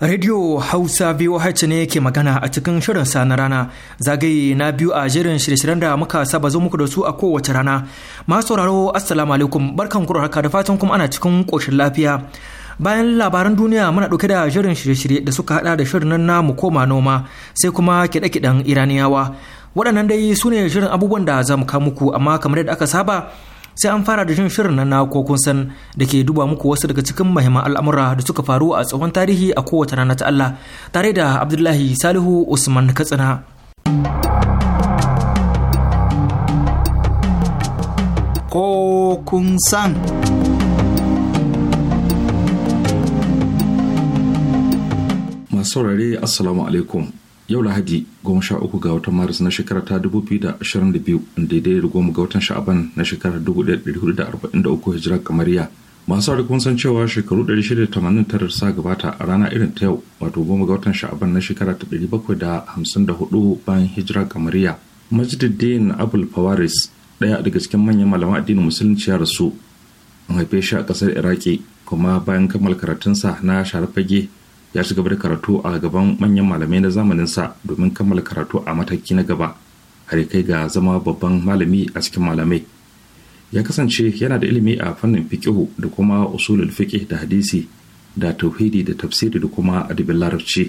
Radio Hausa VOH ne ke magana a cikin shirin sa na rana zagaye na biyu a jerin shirye-shiryen da muka saba zo muku da su a kowace rana. Masu sauraro Assalamu alaikum barkan ku haka da fatan kuma ana cikin koshin lafiya. Bayan labaran duniya muna ɗauke da jerin shirye-shirye da suka haɗa da shirin nan mu koma noma sai kuma kiɗe-kiɗen Iraniyawa. Waɗannan dai su ne shirin abubuwan da za mu kawo muku amma kamar yadda aka saba sai an fara da jin shirin na ko kun san da ke duba muku wasu daga cikin mahimman al'amura da suka faru a tsohon tarihi a kowace rana ta Allah tare da Abdullahi Salihu Usman Katsina. Ko kun san. Masu rari Assalamu alaikum. yau lahadi goma sha uku ga watan maris na shekara ta dubu biyu da ashirin da biyu daidai da goma ga watan sha'aban na shekarar dubu ɗaya da hudu da arba'in da uku hijirar kamariya masu da kun san cewa shekaru ɗari shida da tamanin tara sa gabata a rana irin ta yau wato goma ga watan sha'aban na shekara ta ɗari bakwai da hamsin da hudu bayan hijirar kamariya majididdin abul fawaris ɗaya daga cikin manyan malaman addinin musulunci ya rasu an haife shi a ƙasar iraki kuma bayan kammala karatunsa na sharafage ya shiga gaba karatu a gaban manyan malamai na zamanin sa domin kammala karatu a mataki na gaba har kai ga zama babban malami a cikin malamai ya kasance yana da ilimi a fannin fiqihu da kuma usulul fiqh da hadisi da tauhidi da tafsiri da kuma adabin larabci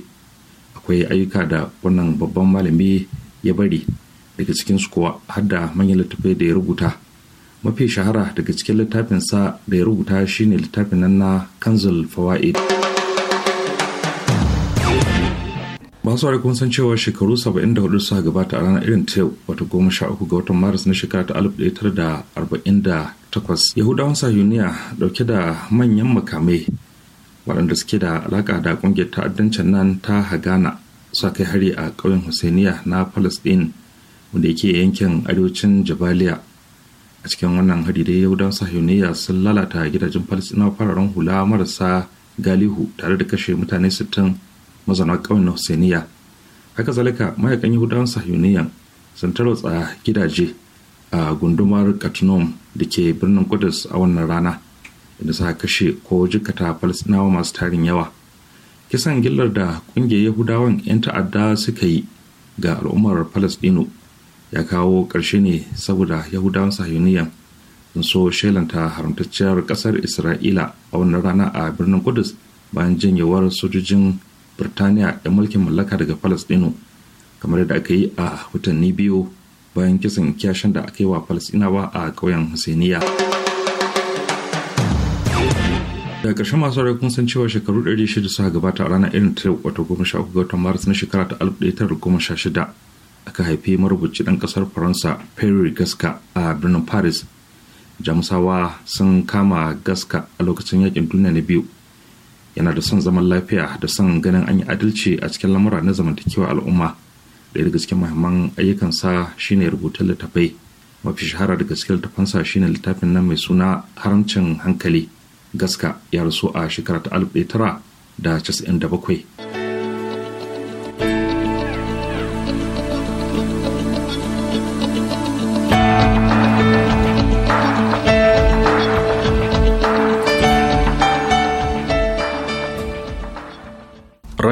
akwai ayyuka da wannan babban malami ya bari daga cikin su kuwa har da manyan littafai da ya rubuta mafi shahara daga cikin littafinsa da ya rubuta shine littafin nan na kanzul fawaid masu ware kun san cewa shekaru 74 suka gabata a ranar irin ta yau wata goma sha uku ga watan maris na shekara ta 1948 yahudawan sahuniya dauke da manyan makamai waɗanda suke da alaƙa da ƙungiyar ta'addancin nan ta hagana suka kai hari a ƙauyen husainiya na palestine wanda yake yankin arewacin jabaliya a cikin wannan hari dai yahudawan sahuniya sun lalata gidajen palestinawa fararen hula marasa galihu tare da kashe mutane 60. mazauna ƙauyen Hussainiya. Haka zalika mayakan Yahudawan Sahiyuniyan sun tarwatsa gidaje a gundumar Katnum da ke birnin Kudus a wannan rana inda suka kashe ko jikata Falasɗinawa masu tarin yawa. Kisan gillar da ƙungiyar Yahudawan 'yan ta'adda suka yi ga al'ummar Falasɗinu ya kawo ƙarshe ne saboda Yahudawan Sahiyuniyan sun so shelanta haramtacciyar ƙasar Isra'ila a wannan rana a birnin Kudus bayan janyewar sojojin birtaniya da mulkin mallaka daga palestino kamar yadda aka yi a watanni biyu bayan kisan kyashin da aka yi wa palestinawa a ƙauyen husainiya daga ƙarshen masu rai kun san cewa shekaru 600 suka gabata a ranar irin ta wato goma sha uku ga watan maris na shekara ta alif ɗaya tara goma sha shida aka haifi marubuci ɗan ƙasar faransa perry gaska a birnin paris jamusawa sun kama gaska a lokacin yakin duniya na biyu yana da son zaman lafiya da son ganin an yi adalci a cikin lamura na zamantakewa al'umma da daga cikin muhimman ayyukansa shine rubutun littafai mafi shahara daga cikin littafansa shine littafin nan mai suna harancin hankali gaska ya rasu a shekara ta da da casa'in bakwai.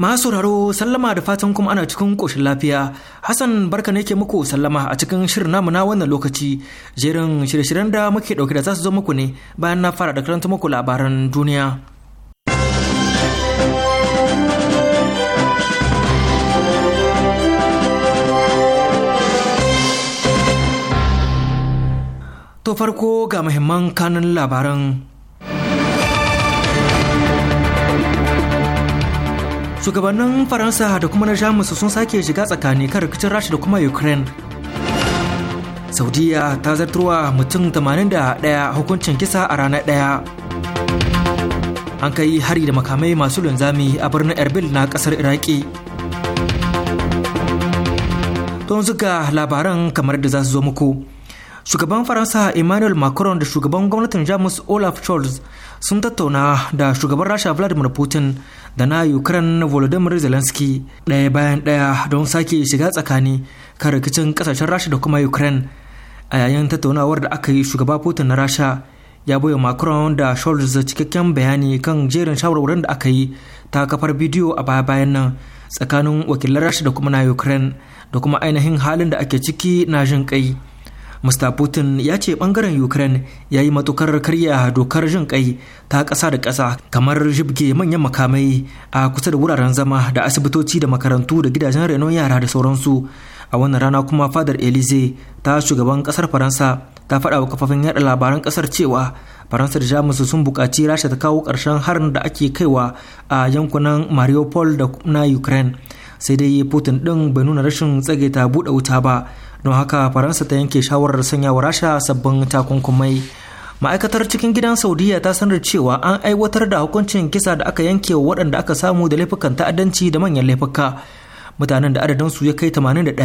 Masu sauraro sallama da fatan kuma ana cikin koshin lafiya. Hassan barka ne ke muku sallama a cikin shirin namu na wannan lokaci. Jerin shirye-shiryen da muke ɗauke da za su zo muku ne bayan na fara da karanta muku labaran duniya. To farko ga muhimman kanun labaran shugabannin faransa da kuma na jamus sun sake shiga tsakani kan rikicin rasha da kuma ukraine saudiya ta zartarwa mutum 81 hukuncin kisa a ranar ɗaya an kai hari da makamai masu linzami a birnin erbil na kasar iraki don zuga labaran kamar da za su zo muku shugaban faransa emmanuel macron da shugaban gwamnatin jamus olaf scholz sun tattauna da shugaban rasha vladimir putin da na ukraine volodymyr zelensky ɗaya bayan ɗaya don sake shiga tsakani kan rikicin ƙasashen rasha da kuma ukraine a yayin tattaunawar da aka yi shugaba putin na rasha ya baiwa macron da scholz cikakken bayani kan jerin shawarwarin da aka yi ta kafar bidiyo a baya bayan nan tsakanin wakilan rasha da kuma na ukraine da kuma ainihin halin da ake ciki na jin kai mr putin ya ce bangaren ukraine ya yi matukar karya dokar jin kai ta ƙasa da ƙasa kamar jibge manyan makamai a kusa da wuraren zama da asibitoci da makarantu da gidajen renon yara da sauransu a wannan rana kuma fadar elize ta shugaban ƙasar faransa ta faɗa wa kafafen yada labaran ƙasar cewa faransa da jamus sun buƙaci rasha ta kawo ƙarshen harin da ake kaiwa a yankunan mariupol da na ukraine sai dai putin ɗin bai nuna rashin tsage ta buɗe wuta ba don haka faransa ta yanke shawarar sanya wa rasha sabbin takunkumai ma'aikatar cikin gidan saudiya ta sanar cewa an aiwatar da hukuncin kisa da aka yanke wa waɗanda aka samu da laifukan ta'addanci da manyan laifuka mutanen da adadin su ya kai 81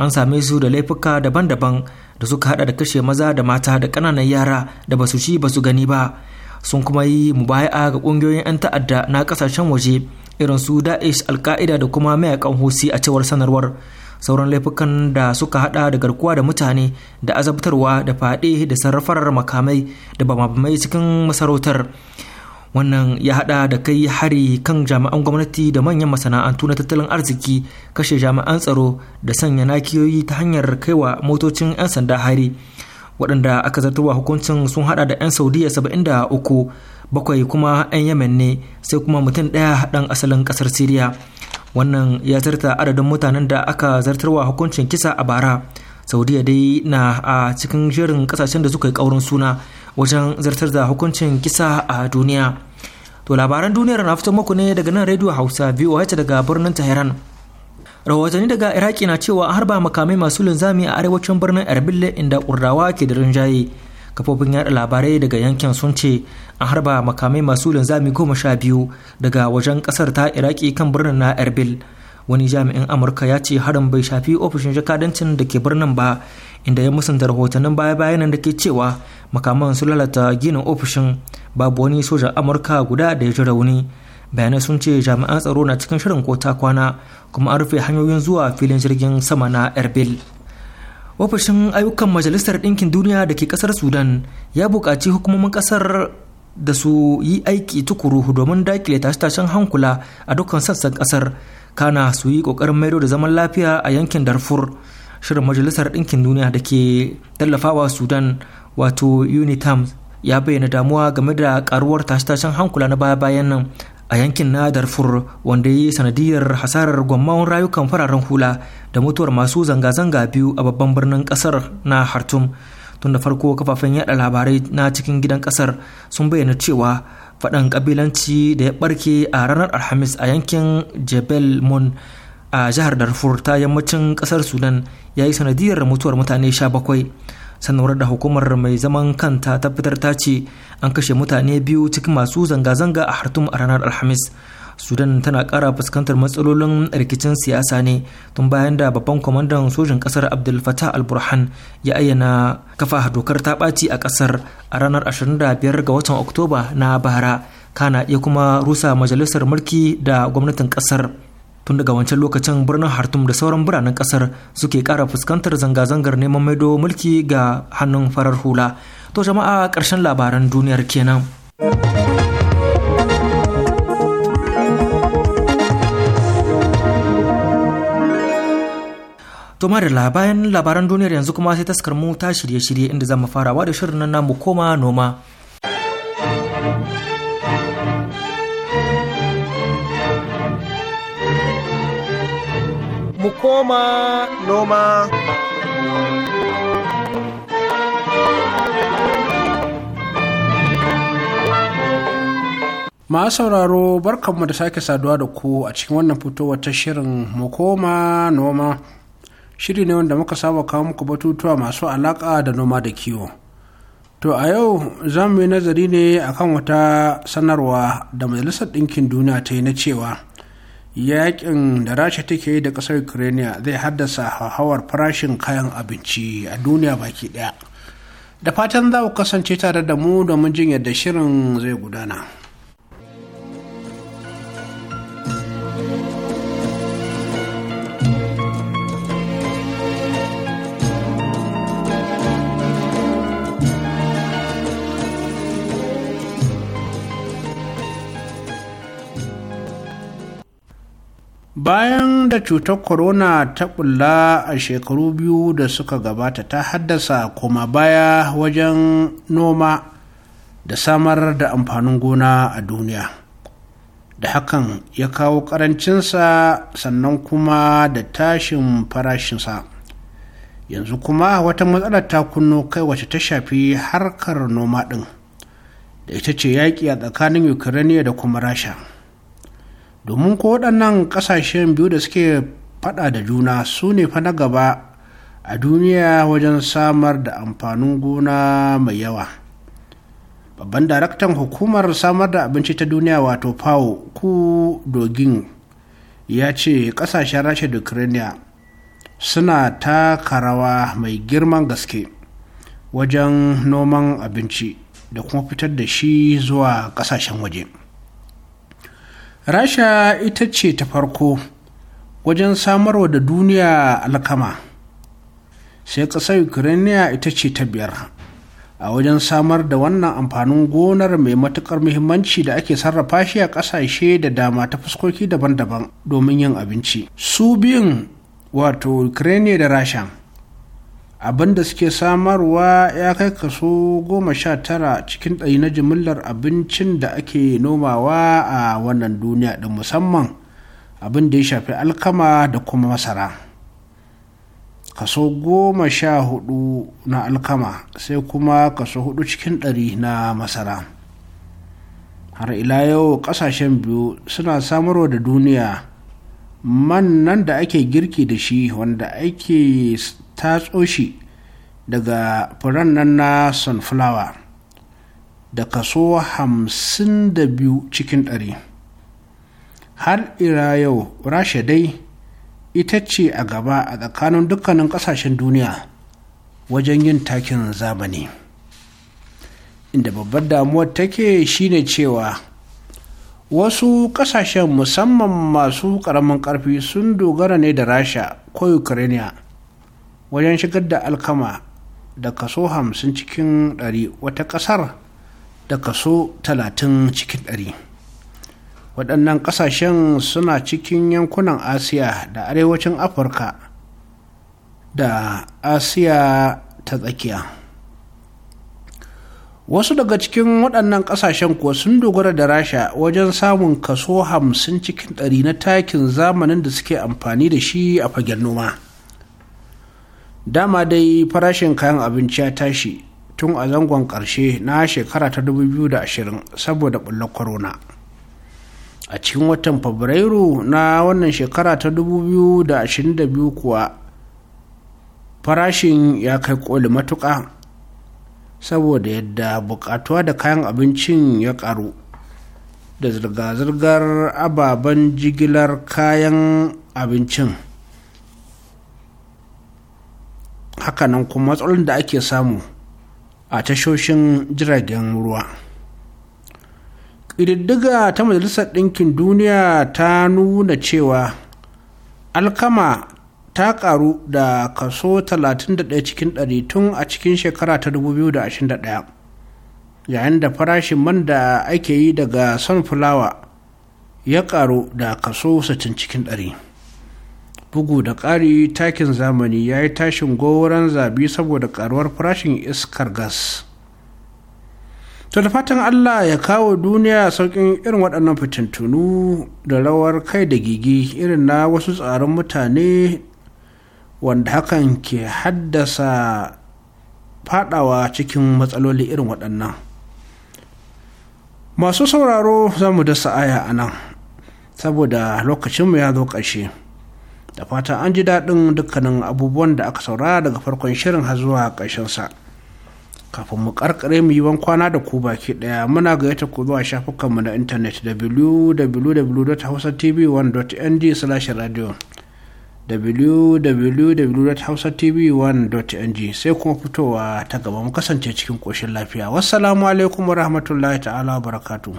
an same su da laifuka daban-daban da suka hada da kashe maza da mata da kananan yara da basu ci basu gani ba sun kuma yi mubaya'a ga ƙungiyoyin 'yan ta'adda na kasashen waje irin su da'ish alka'ida da kuma mayakan hosi a cewar sanarwar sauran laifukan da suka hada da garkuwa da mutane da azabtarwa da fadi da sarrafar makamai da bamabamai cikin masarautar wannan ya hada da kai hari kan jami'an gwamnati da manyan masana'antu na tattalin arziki kashe jami'an tsaro da sanya nakiyoyi ta hanyar kaiwa motocin 'yan sanda hari waɗanda aka zartarwa hukuncin sun hada da 'yan saudiya uku bakwai kuma 'yan yamen ne sai kuma mutum ɗaya ɗan asalin ƙasar siriya wannan ya zarta adadin mutanen da aka zartarwa hukuncin kisa a bara saudiya dai na a cikin shirin kasashen da suka yi kaurin suna wajen zartar da hukuncin kisa a duniya to labaran duniyar na fito muku ne daga nan radio hausa voh daga birnin tehran rahotanni daga iraki na cewa harba makamai masu linzami a arewacin birnin erbil inda kurdawa ke da rinjaye kafofin yaɗa labarai daga yankin sun ce an harba makamai masu linzami goma sha biyu daga wajen ƙasar ta iraki kan birnin na erbil wani jami'in amurka ya ce harin bai shafi ofishin jakadancin da ke birnin ba inda ya musanta rahotannin baya-bayanan da ke cewa makaman su lalata ginin ofishin babu wani sojan amurka guda da ya ji rauni bayanai sun ce jami'an tsaro na cikin shirin kota kwana kuma an rufe hanyoyin zuwa filin jirgin sama na erbil ofishin ayyukan majalisar ɗinkin duniya da ke ƙasar sudan ya buƙaci hukumomin ƙasar da su yi aiki tukuru domin dakile tashe-tashen hankula a dukkan sassan ƙasar kana su yi ƙoƙarin maido da zaman lafiya a yankin darfur shirin majalisar ɗinkin duniya da ke tallafawa sudan wato unitams ya bayyana damuwa game da ƙaruwar tashe-tashen hankula na baya-bayan nan a yankin na darfur wanda ya yi sanadiyar hasarar gwamnawan rayukan fararen hula da mutuwar masu zanga-zanga biyu a babban birnin kasar na hartum tun da farko kafafen yada labarai na cikin gidan kasar sun bayyana cewa faɗan kabilanci da ya barke a ranar alhamis a yankin jebel mun a jihar darfur ta yammacin kasar sudan ya yi sanadiyar mutuwar mutane 17 sanarwar da hukumar mai zaman kanta ta fitar ta ce an kashe mutane biyu cikin masu zanga-zanga a hartum a ranar alhamis sudan tana kara fuskantar matsalolin rikicin siyasa ne tun bayan da babban kwamandan sojin kasar abdul fatah al-burhan ya ayyana kafa dokar ta ɓaci a kasar a ranar 25 ga watan oktoba na bara kana iya kuma rusa majalisar mulki da gwamnatin kasar tun daga wancan lokacin birnin hartum da sauran biranen kasar suke kara fuskantar zanga-zangar neman maido mulki ga hannun farar hula to jama'a ƙarshen labaran duniyar kenan To da bayan labaran duniyar yanzu kuma sai taskar mu ta shirye-shirye inda za mu farawa da shirin nan namu koma noma. mu koma noma. Ma sauraro barkanmu da sake saduwa da ku a cikin wannan fitowar ta shirin mu koma noma. Shiri ne wanda muka saba kawo muku batutuwa masu alaka da noma da kiwo. To a yau za yi nazari ne akan wata sanarwa da Majalisar Ɗinkin Duniya ta yi na cewa yakin da rasha take yi da ƙasar ukraine zai haddasa hauhawar farashin kayan abinci a duniya baki ɗaya da fatan za ku kasance tare da mu domin jin yadda shirin zai gudana. bayan da cutar corona ta bulla a shekaru biyu da suka gabata ta haddasa koma baya wajen noma da samar da amfanin gona a duniya da hakan ya kawo karancinsa sannan kuma da tashin farashinsa yanzu kuma wata matsalar ta kunno kai wacce ta shafi harkar noma ɗin da ita ce yaƙi a tsakanin ukraine da kuma rasha domin ko waɗannan ƙasashen biyu da suke faɗa da juna su ne fa na gaba a duniya wajen samar da amfanin gona mai yawa babban daraktan hukumar samar da abinci ta duniya wato fao ku dogin ya ce ƙasashen rasha da ukraine suna taka rawa mai girman gaske wajen noman abinci da kuma fitar da shi zuwa ƙasashen waje. rasha ita ce ta farko wajen samarwa da duniya alkama sai ƙasar Ukraina ita ce ta biyar a wajen samar da wannan amfanin gonar mai matuƙar muhimmanci da ake sarrafa shi a ƙasashe da dama ta fuskoki daban-daban domin yin abinci su biyun wato Ukraina da rasha abin da suke samarwa ya kai kaso goma sha tara cikin ɗari na jimillar abincin da ake nomawa a wannan duniya ɗin musamman abin da ya shafi alkama da kuma masara kaso goma sha hudu na alkama sai kuma kaso hudu cikin ɗari na masara har ila yau ƙasashen biyu suna samarwa da duniya man nan da ake girki da shi wanda ake ta shi daga furen nan na sunflower da kaso hamsin da biyu cikin ɗari har ira yau rasha dai ita ce a gaba a tsakanin dukkanin ƙasashen duniya wajen yin takin zamani inda babbar damuwar take shine cewa wasu kasashen musamman masu ƙaramin ƙarfi sun dogara ne da rasha ko ukraine wajen shigar da alkama da kaso 50 cikin 100 wata ƙasar da kaso 30 cikin 100 waɗannan ƙasashen suna cikin yankunan asiya da arewacin afirka da asiya ta tsakiya wasu daga cikin waɗannan ƙasashen kuwa sun dogara da rasha wajen samun kaso hamsin cikin 100 na takin zamanin da suke amfani da shi a fagen noma. dama dai farashin kayan abinci ya tashi tun a zangon ƙarshe na shekara ta 2020 saboda ɓullar corona a cikin watan fabrairu na wannan shekara ta 2022 kuwa farashin ya kai koli matuƙa saboda yadda buƙatuwa da kayan abincin ya ƙaru da zirga-zirgar ababen jigilar kayan abincin hakanan kuma matsalolin da ake samu a tashoshin jiragen ruwa ƙididdiga ta majalisar ɗinkin duniya ta nuna cewa alkama ta ƙaru da kaso 31 cikin 100 tun a cikin shekara ta 2021 yayin da farashin man da ake yi daga sunflower ya ƙaru da kaso 60 cikin 100 bugu da ƙari takin zamani ya yi tashin goron zabi saboda karuwar farashin iskar gas da fatan allah ya kawo duniya sauƙin irin waɗannan fitintunu da rawar kai da gigi irin na wasu tsarin mutane wanda hakan ke haddasa fadawa cikin matsaloli irin waɗannan masu sauraro za mu dasa aya a nan saboda lokacinmu ya zo ƙarshe. da fatan an ji daɗin dukkanin abubuwan da aka saura daga farkon shirin har zuwa sa kafin mu ƙarƙare mu yi kwana da ku baki ɗaya muna gayyata ku zuwa shafukanmu na intanet www.hausatv1.ng slash radio www.hausatv1.ng sai kuma fitowa ta gaba mu kasance cikin ƙoshin lafiya wassalamu alaikum wa rahmatullahi ta'ala wa barakatuhu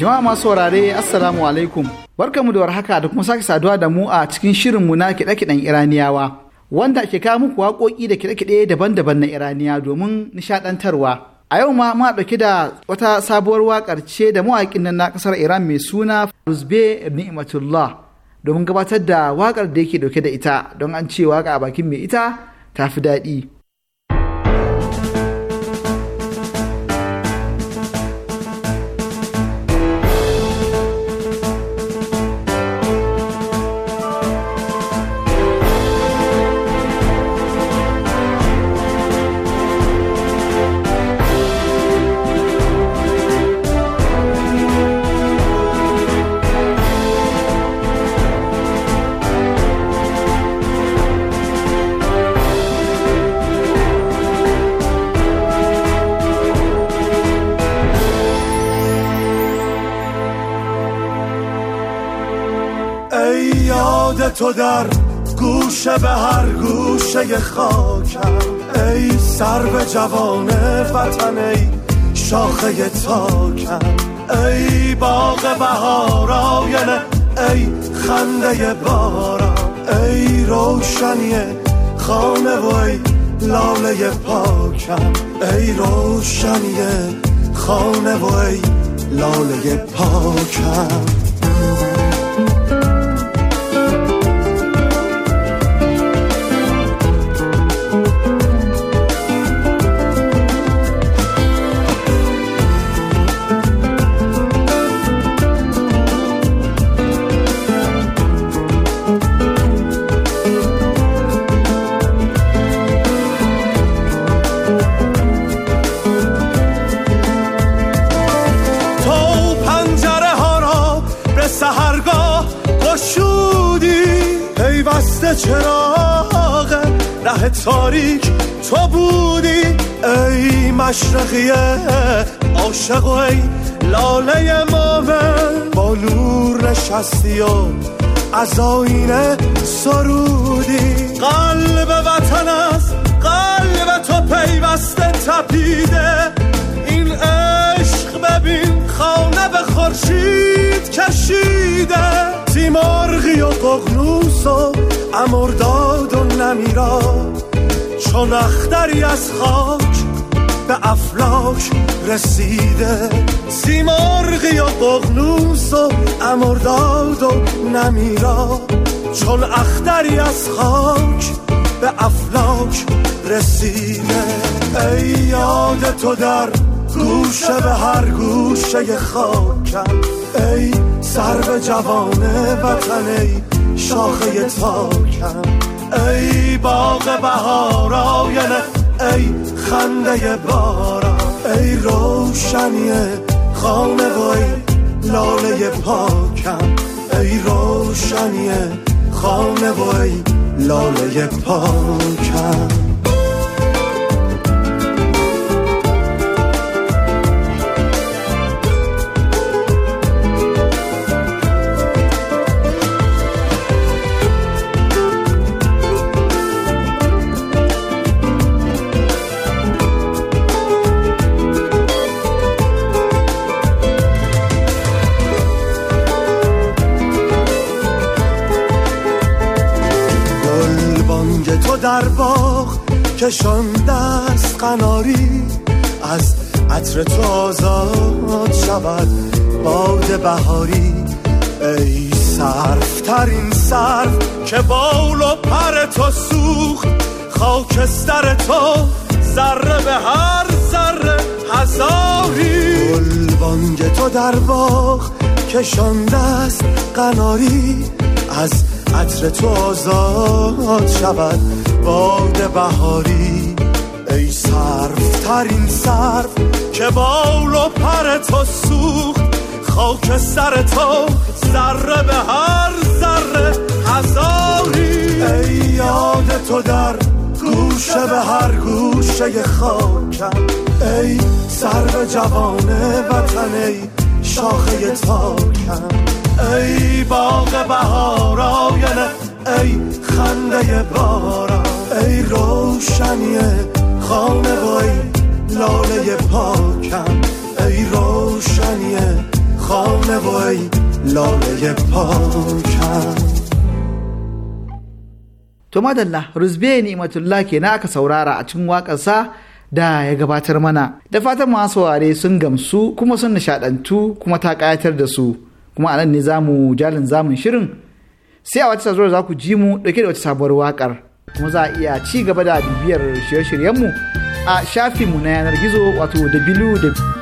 Jama'a masu saurare Assalamu alaikum. Barkamu da warhaka da kuma sake saduwa da mu a cikin shirin mu na kiɗe-kiɗen Iraniyawa. Wanda ke kawo muku waƙoƙi da kiɗe-kiɗe daban-daban na Iraniya domin nishaɗantarwa. A yau ma ma ɗauki da wata sabuwar wakar ce da mawaƙin nan na ƙasar Iran mai suna Ruzbe Ni'matullah domin gabatar da wakar da yake ɗauke da ita don an ce waƙa a bakin mai ita ta fi daɗi. ای یاد تو در گوشه به هر گوشه خاکم ای سر به جوان وطن ای شاخه تاکم ای باغ بهار آینه ای خنده بارا ای روشنی خانه و ای لاله پاکم ای روشنی خانه و ای لاله پاکم ای پیوسته چراغ ره تاریک تو بودی ای مشرقیه عاشق و ای لاله ماون با نور نشستی و از آینه سرودی قلب وطن است قلب تو پیوسته تپیده این عشق ببین خانه به خورشید کشیده تیمارغی و قغنوس و امرداد و نمیرا چون اختری از خاک به افلاک رسیده سیمرغی و قغنوس و امرداد و نمیرا چون اختری از خاک به افلاک رسیده ای یاد تو در گوشه به هر گوشه خاکم ای سر به جوانه وطن ای شاخه تاکم ای باغ بهار آینه ای خنده بارا ای روشنی خانه و ای لاله پاکم ای روشنی خانه و ای لاله پاکم در باغ کشان دست قناری از عطر تو آزاد شود باد بهاری ای صرفترین صرف که بال و پر تو سوخت خاکستر تو ذره به هر ذره هزاری گل تو در باغ کشان دست قناری از عطر تو آزاد شود باد بهاری ای صرف ترین صرف که بال و پر تو سوخت خاک سر تو ذره به هر ذره هزاری ای یاد تو در گوشه به هر گوشه خاکم ای سر جوانه جوان وطن ای شاخه تاکم ای باغ بهارا ای خنده بارم ای روشنی خانه و ای لاله پاکم ای روشنی خانه و ای لاله پاکم aka saurara a cikin sa da ya gabatar mana da fatan masu saurare sun gamsu kuma sun nishadantu kuma ta ƙayatar da su kuma anan ne zamu jalin zamun shirin sai a wata sazuwar za ku ji mu dauke da wata sabuwar waƙar kuma za a iya ci gaba da bibiyar shirye-shiryenmu a shafinmu na yanar gizo wato www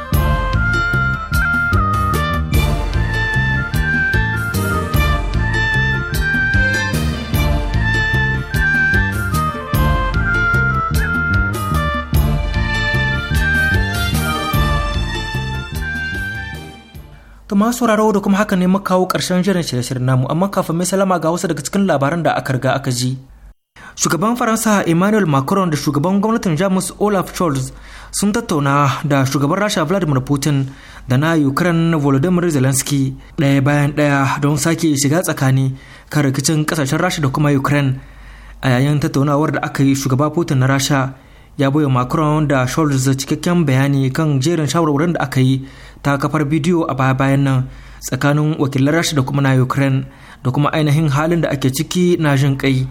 To masu sauraro da kuma haka ne mu kawo ƙarshen jiran shirye-shiryen namu amma kafin mai salama ga wasu daga cikin labaran da aka riga aka ji. Shugaban Faransa Emmanuel Macron da shugaban gwamnatin Jamus Olaf Scholz sun tattauna da shugaban Rasha Vladimir Putin da na Ukraine Volodymyr Zelensky ɗaya bayan ɗaya don sake shiga tsakani kan rikicin kasashen Rasha da kuma Ukraine. A yayin tattaunawar da aka yi shugaba Putin na Rasha ya wa Macron da Scholz cikakken bayani kan jerin shawarwarin da aka yi ta kafar bidiyo a baya bayan nan tsakanin wakilan rasha da kuma na ukraine da kuma ainihin halin da ake ciki na jin kai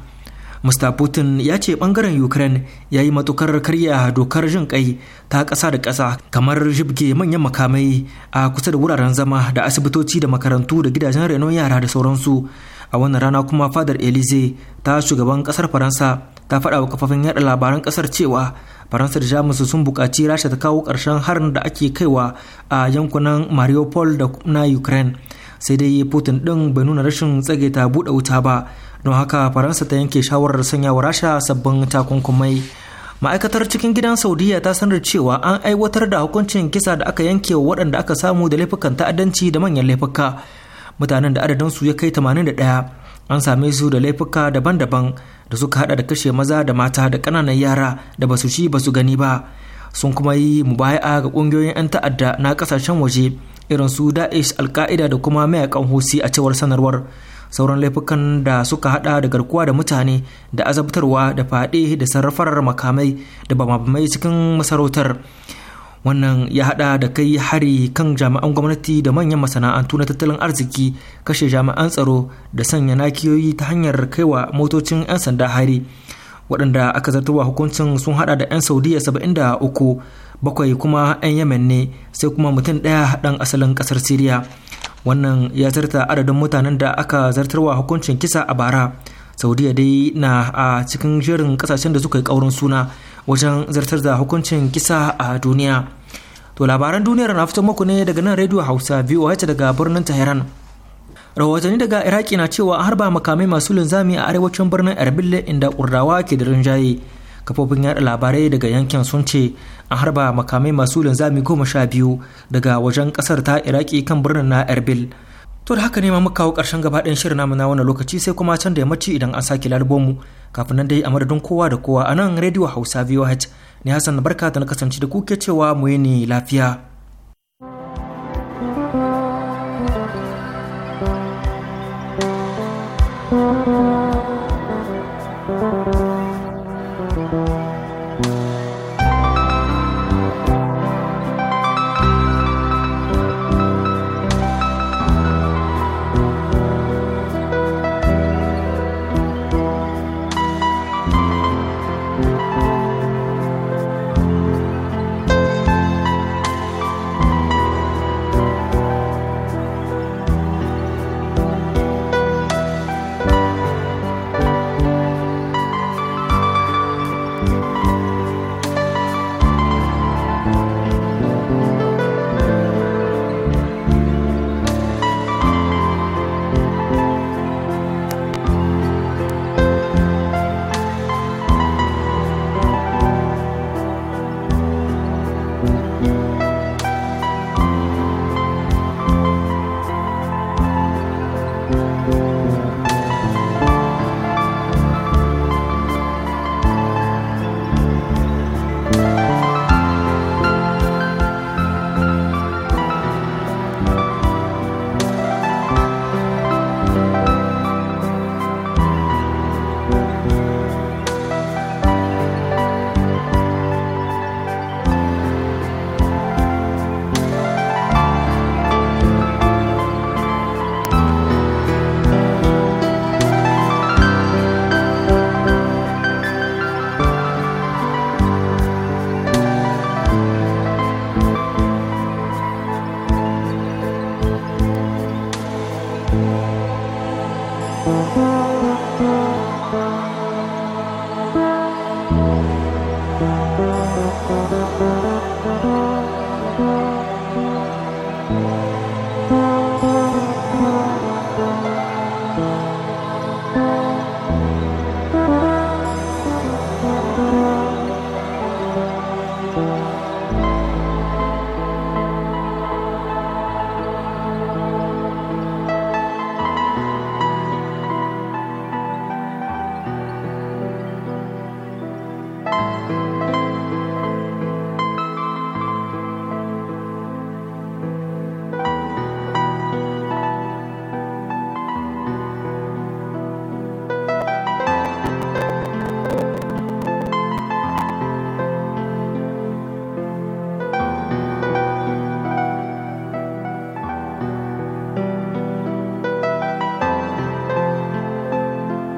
mr putin ya ce bangaren ukraine ya yi matukar karya dokar jin kai ta ƙasa da ƙasa kamar jibge manyan makamai a kusa da wuraren zama da asibitoci da makarantu da gidajen renon yara da sauransu a wannan rana kuma fadar elize ta shugaban ƙasar faransa ta faɗa wa kafafen yada labaran ƙasar cewa faransa da jamus sun buƙaci rasha ta kawo ƙarshen harin da ake kaiwa a yankunan mariupol da na ukraine sai dai putin ɗin bai nuna rashin tsage ta buɗe wuta ba don haka faransa ta yanke shawarar sanya wa rasha sabbin takunkumai ma'aikatar cikin gidan saudiya ta sanar cewa an aiwatar da hukuncin kisa da aka yanke wa waɗanda aka samu da laifukan ta'addanci da manyan laifuka mutanen da adadinsu ya kai 81 an same su da laifuka daban-daban da suka hada da kashe maza da mata da kananan yara da basu shi basu gani ba sun kuma yi mubaya'a ga ƙungiyoyin 'yan ta'adda na kasashen waje irin su da'ish alka'ida da kuma mayakan husi a cewar sanarwar sauran laifukan da suka hada da garkuwa da mutane da azabtarwa da fade da sarrafar makamai da bamabamai cikin masarautar wannan ya hada da kai hari kan jami'an gwamnati da manyan masana'antu na tattalin arziki kashe jami'an tsaro da sanya nakiyoyi ta hanyar kaiwa motocin 'yan sanda hari waɗanda aka zartarwa hukuncin sun hada da 'yan saudiya uku bakwai kuma 'yan yemen ne sai kuma mutum ɗaya dan asalin ƙasar siriya wannan ya zarta adadin mutanen da aka zartarwa hukuncin kisa a bara saudiya dai na a cikin jerin kasashen da suka yi ƙaurin suna wajen zartar da hukuncin kisa a duniya To labaran duniyar na fito muku ne daga nan Radio Hausa VOH daga birnin Tehran. Rahotanni daga Iraki na cewa an harba makamai masu linzami a arewacin birnin Erbil inda Kurdawa ke da rinjaye. Kafofin yaɗa labarai daga yankin sun ce a harba makamai masu linzami goma sha biyu daga wajen kasar ta Iraki kan birnin na Erbil. To da haka ne ma muka kawo ƙarshen gaba shirin namu na wannan lokaci sai kuma can da yammaci idan an sake lalbomu kafin nan dai a madadin kowa da kowa a nan Radio Hausa VOH ni hassan barka da na kasance da kuke cewa mu yi ne lafiya thank Música